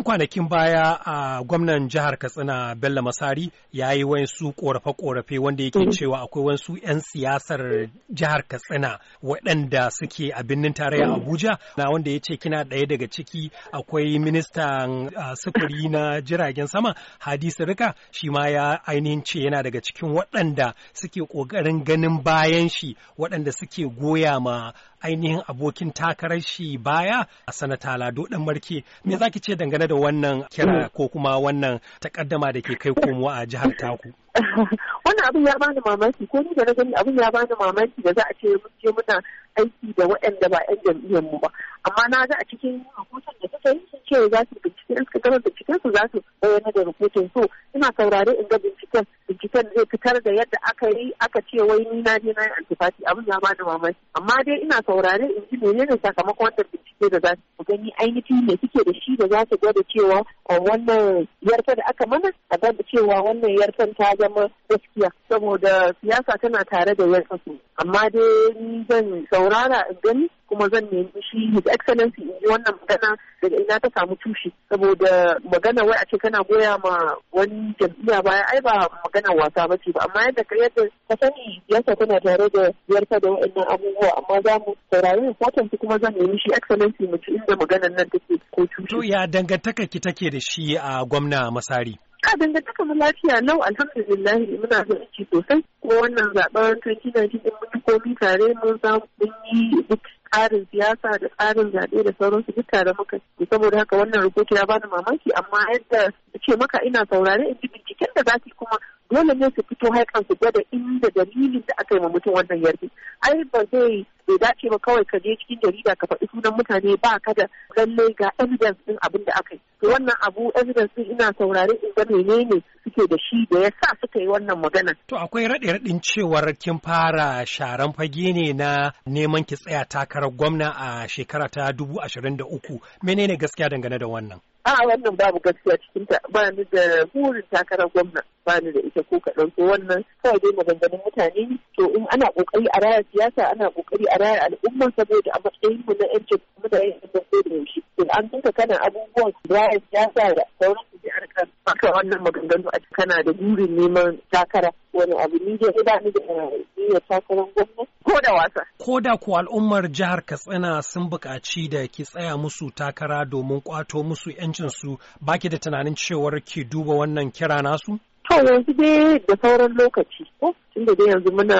'yan kwanakin baya a gwamnan jihar katsina bello masari ya yi wasu korafe-korafe wanda yake mm-hmm. cewa akwai wasu 'yan siyasar jihar katsina waɗanda suke a birnin tarayya mm-hmm. abuja na wanda ya ce kina ɗaya daga ciki akwai ministan sufuri na jiragen sama hadi rika shi ma ya ainihin ce yana daga cikin waɗanda suke ƙoƙarin ganin bayan shi waɗanda suke goya ma ainihin abokin takarar shi baya a sanata Lado dan Marke me zaki ce dangane da wannan kira ko kuma wannan takaddama da ke kai komo a jihar taku wannan abin ya bani mamaki ko ni da na gani abin ya bani mamaki da za a ce mun je muna aiki da waɗanda ba ƴan jam'iyyar mu ba amma na ga a cikin rahoton da suka yi sun ce za su bincike suka gama binciken su za su bayyana da rahoton so ina saurare in ga binciken fitar zai fitar da yadda aka yi aka ce wai ni na je na yi antifati abin ya da mamaki amma dai ina saurare in ji menene sakamakon wanda bincike da za su gani ainihin ne suke da shi da za su gwada cewa a oh, wannan yarfa da aka mana a gwada cewa wannan yarfan ta zama gaskiya saboda siyasa tana tare da yarfa su amma dai zan saurara in gani kuma zan nemi shi his excellency in ji wannan magana daga ina ta samu tushe saboda magana wai a ce kana goya ma wani jam'iyya baya ai ba magana wasa ba ce ba amma yadda ka yadda ka sani siyasa tana tare da yarfa da wa'annan abubuwa amma za mu saurari rayu kuma zan nemi shi excellency mu ji inda maganar nan take ko cuci. ya dangantaka ki take da shi a gwamna masari. a dangantaka mu lafiya lau alhamdulillah muna da aiki sosai kuma wannan zaben 2019 na mun komi tare mun za yi duk tsarin siyasa da tsarin zaɓe da sauransu duk tare muka saboda haka wannan rubutu ya bani mamaki amma yadda ce maka ina saurare in ji binciken da za kuma dole ne su fito haikan su gwada inda dalilin da aka yi wa mutum wannan yarfi ai ba zai bai dace ba kawai ka je cikin jarida ka faɗi sunan mutane ba ka da lalle ga evidence din abin da aka yi to wannan abu evidence din ina saurare in ga menene suke da shi da yasa suka yi wannan magana to akwai raɗe raɗin cewar kin fara sharan fage ne na neman ki tsaya takarar gwamna a shekara ta dubu ashirin da uku menene gaskiya dangane da wannan a wannan babu gaskiya cikin ta ba ni da hurin takarar gwamna ba ni da ita ko kaɗan ko wannan kawai dai maganganun mutane to in ana kokari a raya siyasa ana kokari a raya al'umma saboda a matsayin mu na yanci kuma da yin da ko da yaushe to an tuka kana abubuwan raya siyasa da sauran su a rika maka wannan maganganu a kana da burin neman takara wani abu ni dai ba ni da iya takarar gwamnati ko da wasa. Ko da ku al'ummar jihar Katsina sun buƙaci da ki tsaya musu takara domin ƙwato musu 'yancinsu baki da tunanin cewar ki duba wannan kira nasu? To yanzu dai da sauran lokaci ko da dai yanzu muna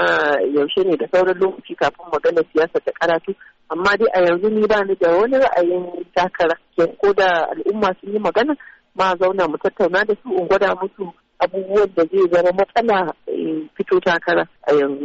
yaushe ne da sauran lokaci kafin magana siyasa ta karatu amma dai a yanzu ni ba ni da wani ra'ayin takara ko da al'umma sun yi magana ma zauna mu tattauna da su in gwada musu abubuwan da zai zama matsala eh, fito takara a yanzu.